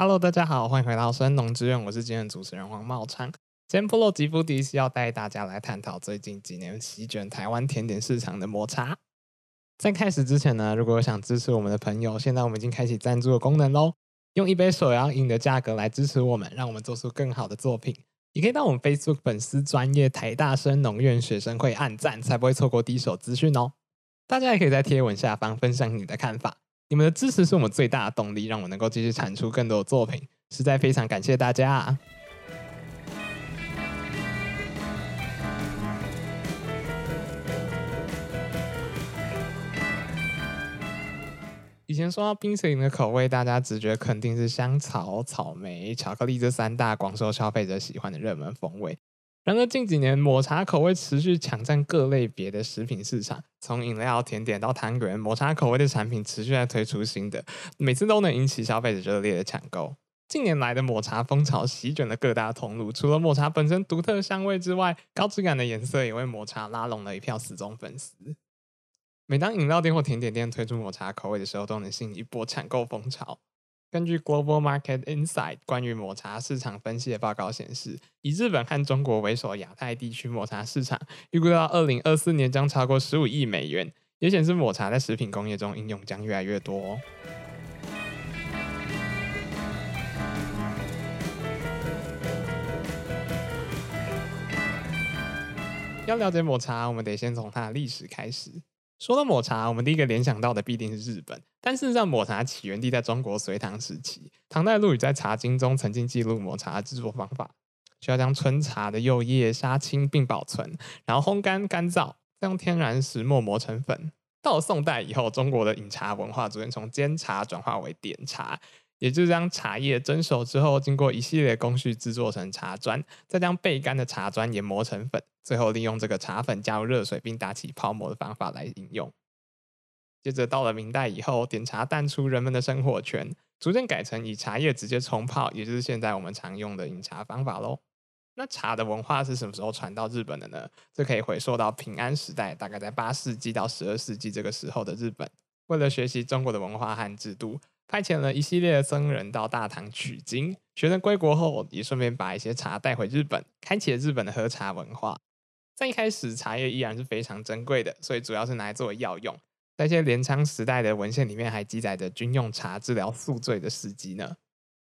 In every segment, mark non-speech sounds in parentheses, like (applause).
Hello，大家好，歡迎回到生農之院，我是今天的主持人王茂昌。今天噗摟級 foodies 要帶大家來探討最近幾年席捲台灣甜點市場的抹茶。在開始之前呢，如果想支持我們的朋友，現在我們已經開啟贊助的功能嘍，用一杯手搖飲的價格來支持我們，讓我們做出更好的作品。也可以到我們 Facebook 粉絲專頁台大生農院學生會按讚，才不會錯過第一手資訊哦。大家也可以在貼文下方分享你的看法。你們的支持是我們最大的動力，讓我能夠繼續產出更多的作品，實在非常感謝大家！以前說到冰淇淋的口味，大家直覺肯定是香草、草莓、巧克力這三大廣受消費者喜歡的熱門風味。然而近幾年，抹茶口味持續搶占各類別的食品市場，從飲料、甜點到湯圓，抹茶口味的產品持續在推出新的，每次都能引起消費者熱烈的搶購。近年來的抹茶風潮席捲了各大通路，除了抹茶本身獨特的香味之外，高質感的顏色也為抹茶拉攏了一票死忠粉絲。每當飲料店或甜點店推出抹茶口味的時候，都能掀起一波搶購風潮。根據 Global Market Insight 關於抹茶市場分析的報告顯示，以日本和中國為首，亞太地區抹茶市場預估到二零二四年將超過十五億美元，也顯示抹茶在食品工業中應用將越來越多哦。要了解抹茶，我們得先從它的歷史開始。說到抹茶，我們第一個聯想到的必定是日本。但事實上，抹茶起源地在中國隋唐時期。唐代陸羽在《茶經》中曾經記錄抹茶的製作方法，需要將春茶的幼葉殺青並保存，然後烘乾乾燥，再用天然石磨磨成粉。到了宋代以後，中國的飲茶文化逐漸從煎茶轉化為點茶，也就是將茶葉蒸熟之後，經過一系列工序製作成茶磚，再將焙乾的茶磚研磨成粉，最後利用這個茶粉加入熱水並打起泡沫的方法來飲用。接着到了明代以後，點茶淡出人們的生活圈，逐漸改成以茶葉直接沖泡，也就是現在我們常用的飲茶方法嘍。那茶的文化是什麼時候傳到日本的呢？這可以回溯到平安時代，大概在八世紀到十二世紀這個時候的日本，為了學習中國的文化和制度，派遣了一系列的僧人到大唐取經，學生歸國後也順便把一些茶帶回日本，開啟了日本的喝茶文化。在一開始，茶葉依然是非常珍貴的，所以主要是拿來作為藥用。在一些鐮倉時代的文獻裡面，還記載着軍用茶治療宿醉的事蹟呢。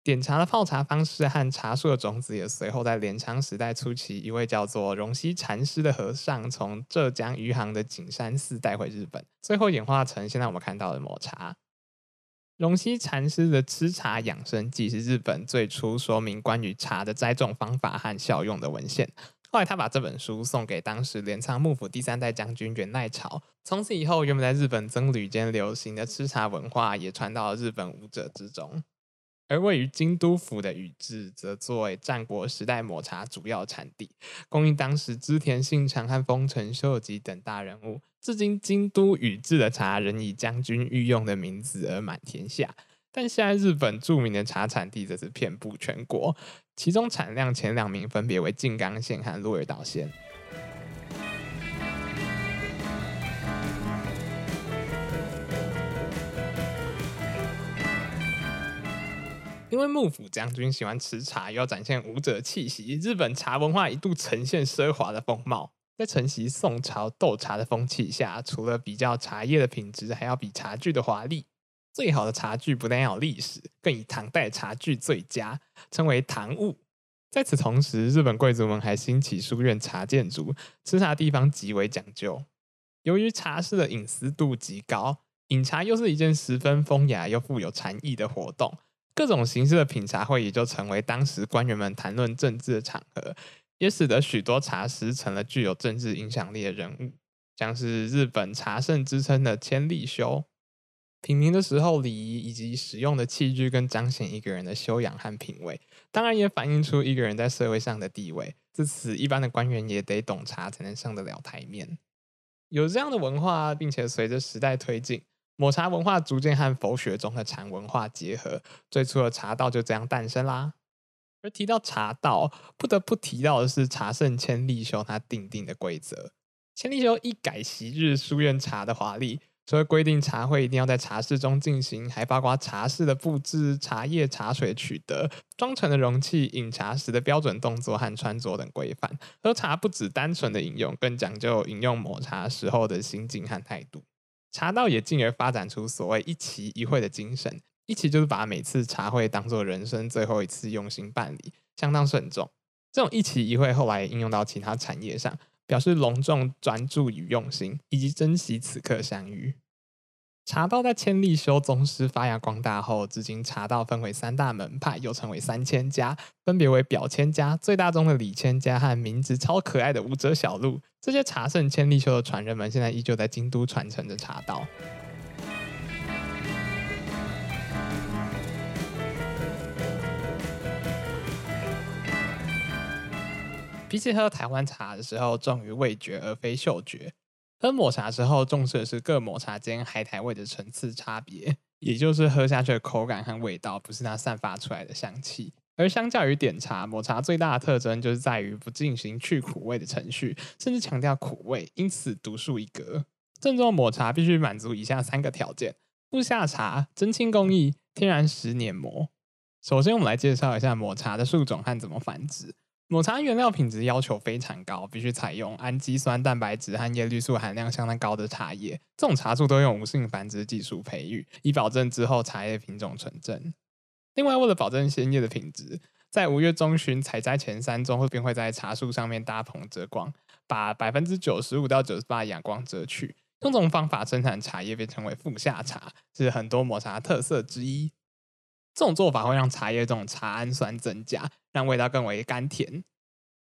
點茶的泡茶方式和茶樹的種子也隨後在鐮倉時代初期，一位叫做榮西禪師的和尚從浙江餘杭的景山寺帶回日本，最後演化成現在我們看到的抹茶。榮西禪師的吃茶養生記是日本最初說明關於茶的栽種方法和效用的文獻。後來，他把這本書送給當時鐮倉幕府第三代將軍源賴朝。從此以後，原本在日本僧侶間流行的吃茶文化也傳到了日本武者之中。而位於京都府的宇治，則作為戰國時代抹茶主要產地，供應當時織田信長和豐臣秀吉等大人物。至今，京都宇治的茶仍以將軍御用的名字而滿天下。但現在日本著名的茶產地則是遍佈全國，其中產量前兩名分別為靜岡縣和鹿兒島縣。因為幕府將軍喜歡吃茶，又要展現武者氣息，日本茶文化一度呈現奢華的風貌。在承襲宋朝鬥茶的風氣下，除了比較茶葉的品質，還要比茶具的華麗。最好的茶具不但要有歷史，更以唐代茶具最佳，稱為唐物。在此同時，日本貴族們還興起書院茶建築，吃茶地方極為講究。由於茶室的隱私度極高，飲茶又是一件十分風雅又富有禪意的活動，各種形式的品茶會也就成為當時官員們談論政治的場合，也使得許多茶師成了具有政治影響力的人物，像是日本茶聖之稱的千利休。品茗的時候，禮儀以及使用的器具，更彰顯一個人的修養和品味，當然也反映出一個人在社會上的地位。自此，一般的官員也得懂茶，才能上得了檯面。有這樣的文化，並且隨着時代推進，抹茶文化逐漸和佛學中的禪文化結合，最初的茶道就這樣誕生啦。而提到茶道，不得不提到的是茶聖千利休他定定的規則。千利休一改昔日書院茶的華麗。所以規定茶會一定要在茶室中進行，還包括茶室的佈置、茶葉、茶水取得、裝成的容器、飲茶時的標準動作和穿着等規範。喝茶不只單純的飲用，更講究飲用抹茶時候的心境和態度。茶道也進而發展出所謂一期一會的精神，一期就是把每次茶會當做人生最後一次，用心辦理，相當慎重。這種一期一會後來應用到其他產業上。表示隆重、專注與用心，以及珍惜此刻相遇。茶道在千利休宗師發揚光大後，至今茶道分為三大門派，又稱為三千家，分別為表千家、最大宗的裏千家和名字超可愛的武者小路。這些茶聖千利休的傳人們，現在依舊在京都傳承着茶道。比起喝台灣茶的時候重於味覺而非嗅覺，喝抹茶的時候重視的是各抹茶間海苔味的層次差別，也就是喝下去的口感和味道，不是它散發出來的香氣。而相較於點茶，抹茶最大的特徵就是在於不進行去苦味的程序，甚至強調苦味，因此獨樹一格。正宗抹茶必須滿足以下三個條件：覆下茶、蒸青工藝、天然石碾磨。首先，我們來介紹一下抹茶的樹種和怎麼繁殖。抹茶原料品質要求非常高，必須採用氨基酸、蛋白質和葉綠素含量相當高的茶葉。這種茶樹都用無性繁殖技術培育，以保證之後茶葉品種純正。另外，為了保證鮮葉的品質，在五月中旬採摘前三周，便會在茶樹上面搭棚遮光，把百分之九十五到九十八的陽光遮去。用這種方法生產茶葉，被稱為“覆下茶”，是很多抹茶特色之一。這種做法會讓茶葉這種茶氨酸增加，讓味道更為甘甜。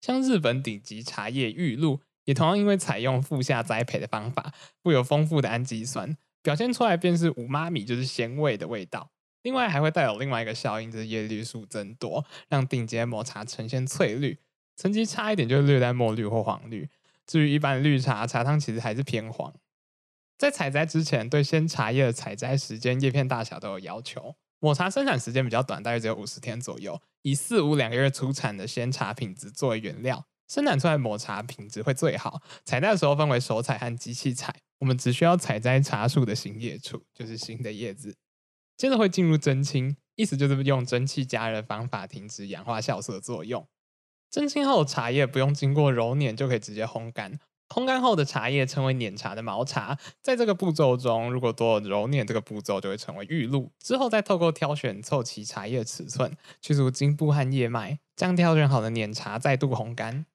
像日本頂級茶葉玉露，也同樣因為採用覆下栽培的方法，富有豐富的氨基酸，表現出來便是うまみ，就是鮮味的味道。另外還會帶有另外一個效應，就是葉綠素增多，讓頂級抹茶呈現翠綠，成績差一點就是略帶墨綠或黃綠。至於一般的綠茶，茶湯其實還是偏黃。在採摘之前，對鮮茶葉的採摘時間、葉片大小都有要求。抹茶生產時間比較短，大約只有五十天左右。以四五兩個月出產的鮮茶品質作為原料，生產出來的抹茶品質會最好。採摘的時候分為手採和機器採，我們只需要採摘茶樹的新葉處，就是新的葉子。接着會進入蒸青，意思就是用蒸汽加熱的方法停止氧化酵素的作用。蒸青後茶葉不用經過揉捻就可以直接烘乾。烘乾後的茶葉稱為碾茶的毛茶，在這個步驟中，如果多揉捻這個步驟，就會成為玉露。之後再透過挑選湊齊茶葉尺寸，去除莖部和葉脈，將挑選好的碾茶再度烘乾。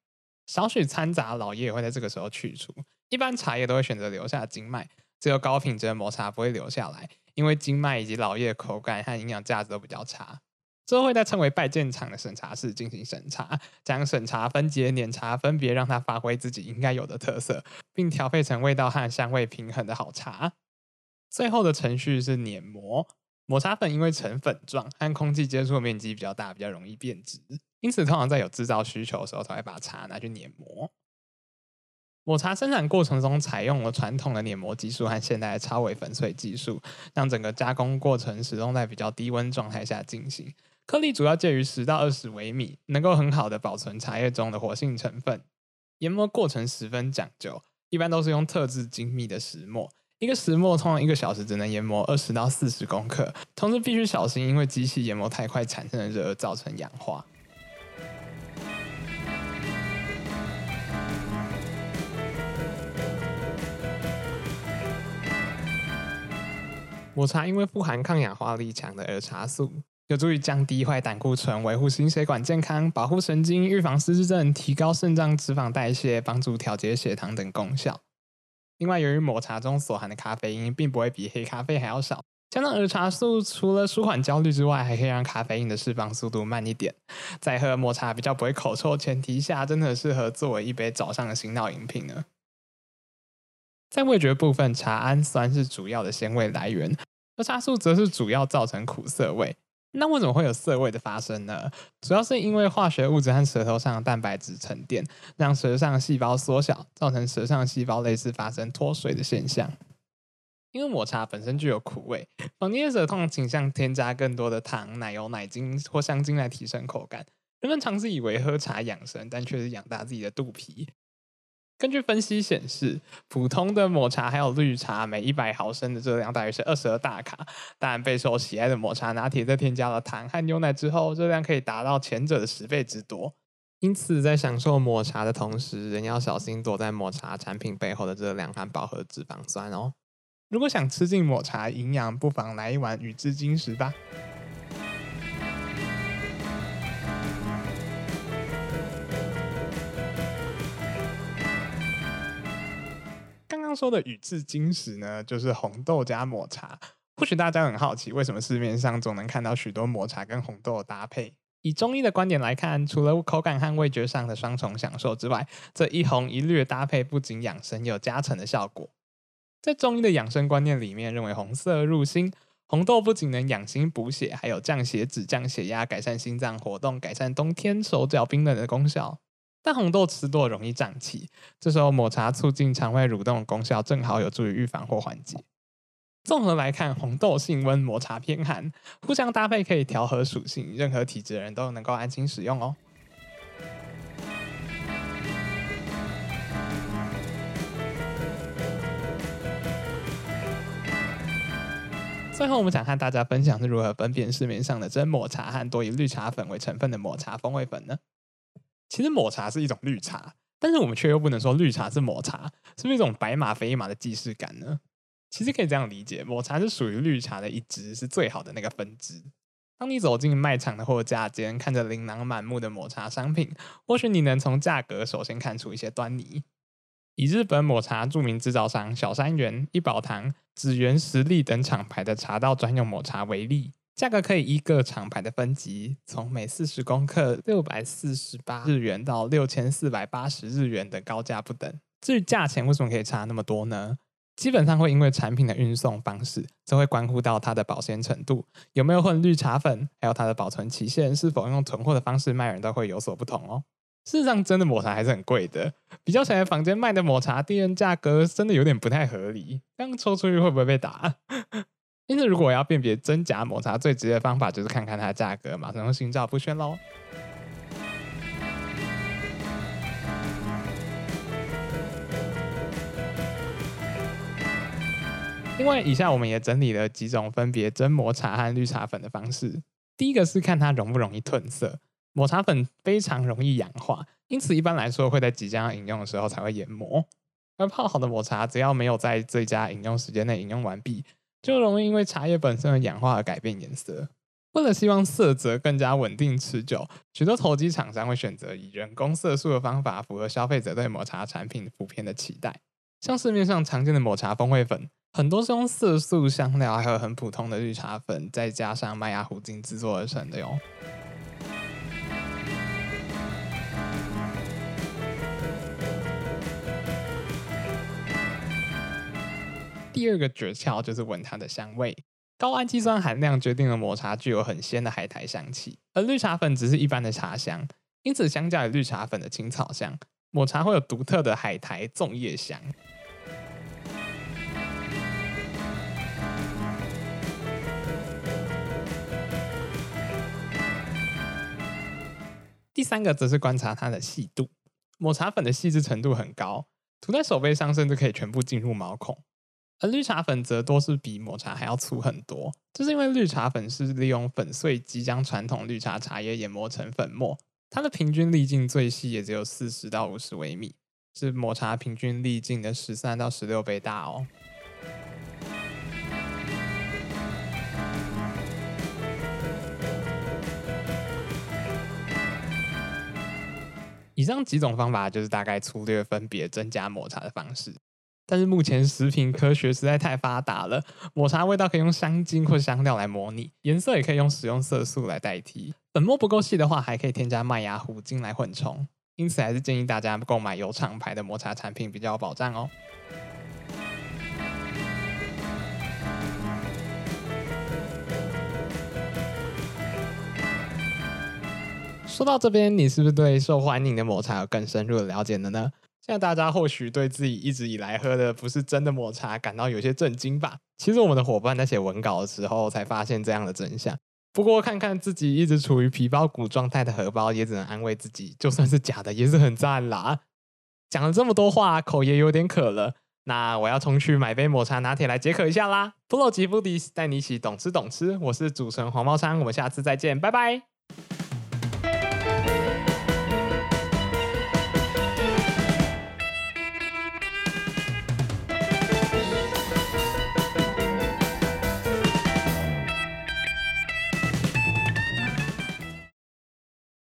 少許摻雜的老葉會在這個時候去除，一般茶葉都會選擇留下莖脈，只有高品質的毛茶不會留下來，因為莖脈以及老葉口感和營養價值都比較差。之後會在稱為“拜見場”的審查室進行審查，將審查分級碾茶，分別讓它發揮自己應該有的特色，並調配成味道和香味平衡的好茶。最後的程序是碾磨抹茶粉，因為呈粉狀，和空氣接觸面積比較大，比較容易變質，因此通常在有製造需求的時候才會把茶拿去碾磨。抹茶生產過程中採用了傳統的碾磨技術和現代的超微粉碎技術，讓整個加工過程始終在比較低溫狀態下進行。顆粒主要介於十到二十微米，能夠很好的保存茶葉中的活性成分。研磨過程十分講究，一般都是用特制精密的石磨，一個石磨通常一個小時只能研磨二十到四十公克，同時必須小心，因為機器研磨太快產生的熱而造成氧化。抹茶因為富含抗氧化力強的兒茶素。有助於降低壞膽固醇，維護心血管健康，保護神經，預防失智症，提高腎臟脂肪代謝，幫助調節血糖等功效。另外，由於抹茶中所含的咖啡因並不會比黑咖啡還要少，加上兒茶素除了舒緩焦慮之外，還可以讓咖啡因的釋放速度慢一點。在喝抹茶比較不會口臭前提下，真的適合作為一杯早上的醒腦飲品呢。在味覺部分，茶氨酸是主要的鮮味來源，兒茶素則是主要造成苦澀味。那為什麼會有澀味的發生呢？主要是因為化學物質和舌頭上的蛋白質沉澱，讓舌上細胞縮小，造成舌上細胞類似發生脫水的現象。因為抹茶本身具有苦味，坊間茶通常傾向添加更多的糖、奶油、奶精或香精來提升口感。人們常自以為喝茶養生，但卻是養大自己的肚皮。根據分析顯示，普通的抹茶還有綠茶，每一百毫升的熱量大約是二十二大卡。但然，備受喜愛的抹茶拿鐵在添加了糖和牛奶之後，熱量可以達到前者的十倍之多。因此，在享受抹茶的同時，人要小心躲在抹茶產品背後的熱量和飽和脂肪酸哦。如果想吃進抹茶營養，營養不妨來一碗宇治金時吧。剛剛說的宇治金時呢，就是紅豆加抹茶。或許大家很好奇，為什麼市面上總能看到許多抹茶跟紅豆的搭配？以中醫的觀點來看，除了口感和味覺上的雙重享受之外，這一紅一綠的搭配不僅養生也有加成的效果。在中醫的養生觀念裡面，認為紅色入心，紅豆不僅能養心補血，還有降血脂、降血壓、改善心臟活動、改善冬天手腳冰冷的功效。但紅豆吃多容易脹氣，這時候抹茶促進腸胃蠕動的功效正好有助於預防或緩解。綜合來看，紅豆性溫，抹茶偏寒，互相搭配可以調和屬性，任何體質的人都能夠安心使用哦。最後，我們想和大家分享是如何分辨市面上的真抹茶和多以綠茶粉為成分的抹茶風味粉呢？其實抹茶是一種綠茶，但是我們卻又不能說綠茶是抹茶，是不是一種白馬非馬的既視感呢？其實可以這樣理解，抹茶是屬於綠茶的一支，是最好的那個分支。當你走進賣場的貨架間，看着琳琅滿目的抹茶商品，或許你能從價格首先看出一些端倪。以日本抹茶著名制造商小山園、一保堂、紫原實力等廠牌的茶道專用抹茶為例。價格可以一個廠牌的分級，從每四十公克六百四十八日元到六千四百八十日元的高價不等。至於價錢為什麼可以差那麼多呢？基本上會因為產品的運送方式，這會關乎到它的保鮮程度，有沒有混綠茶粉，還有它的保存期限，是否用囤貨的方式賣，人都會有所不同哦。事實上，真的抹茶還是很貴的。比較起來，房間賣的抹茶，店員價格真的有點不太合理。剛抽出去會不會被打？ (laughs) 因此，如果要辨別真假抹茶，最直接的方法就是看看它的價格嘛，馬上心照不宣嘍。另外，以下我們也整理了幾種分別真抹茶和綠茶粉的方式。第一個是看它容不容易褪色，抹茶粉非常容易氧化，因此一般來說會在即將飲用的時候才會研磨。而泡好的抹茶，只要沒有在最佳飲用時間內飲用完畢，就容易因為茶葉本身的氧化而改變顏色。為了希望色澤更加穩定持久，許多投機廠商會選擇以人工色素的方法，符合消費者對抹茶產品普遍的期待。像市面上常見的抹茶風味粉，很多是用色素、香料還有很普通的綠茶粉，再加上麥芽糊精製作而成的喲。第二個訣竅就是聞它的香味。高氨基酸含量決定了抹茶具有很鮮的海苔香氣，而綠茶粉只是一般的茶香，因此相較於綠茶粉的青草香，抹茶會有獨特的海苔粽葉香。第三個則是觀察它的細度，抹茶粉的細緻程度很高，塗在手背上甚至可以全部進入毛孔。而綠茶粉則多是比抹茶還要粗很多，這是因為綠茶粉是利用粉碎機將傳統綠茶茶葉研磨成粉末，它的平均粒徑最細也只有四十到五十微米，是抹茶平均粒徑的十三到十六倍大哦。以上幾種方法就是大概粗略分辨真假抹茶的方式。但是目前食品科學實在太發達了，抹茶味道可以用香精或香料來模擬，顏色也可以用食用色素來代替。粉末不夠細的話，還可以添加麥芽糊精來混充，因此，還是建議大家購買有廠牌的抹茶產品比較有保障哦。說到這邊，你是不是對受歡迎的抹茶有更深入的了解了呢？現在大家或許對自己一直以來喝的不是真的抹茶感到有些震驚吧？其實我們的夥伴在寫文稿的時候才發現這樣的真相。不過看看自己一直處於皮包骨狀態的荷包，也只能安慰自己，就算是假的也是很讚啦。講了這麼多話，口也有點渴了，那我要衝去買杯抹茶拿鐵來解渴一下啦。噗摟級 foodies 帶你一起懂吃懂吃，我是主持人黃茂昌，我們下次再見，拜拜。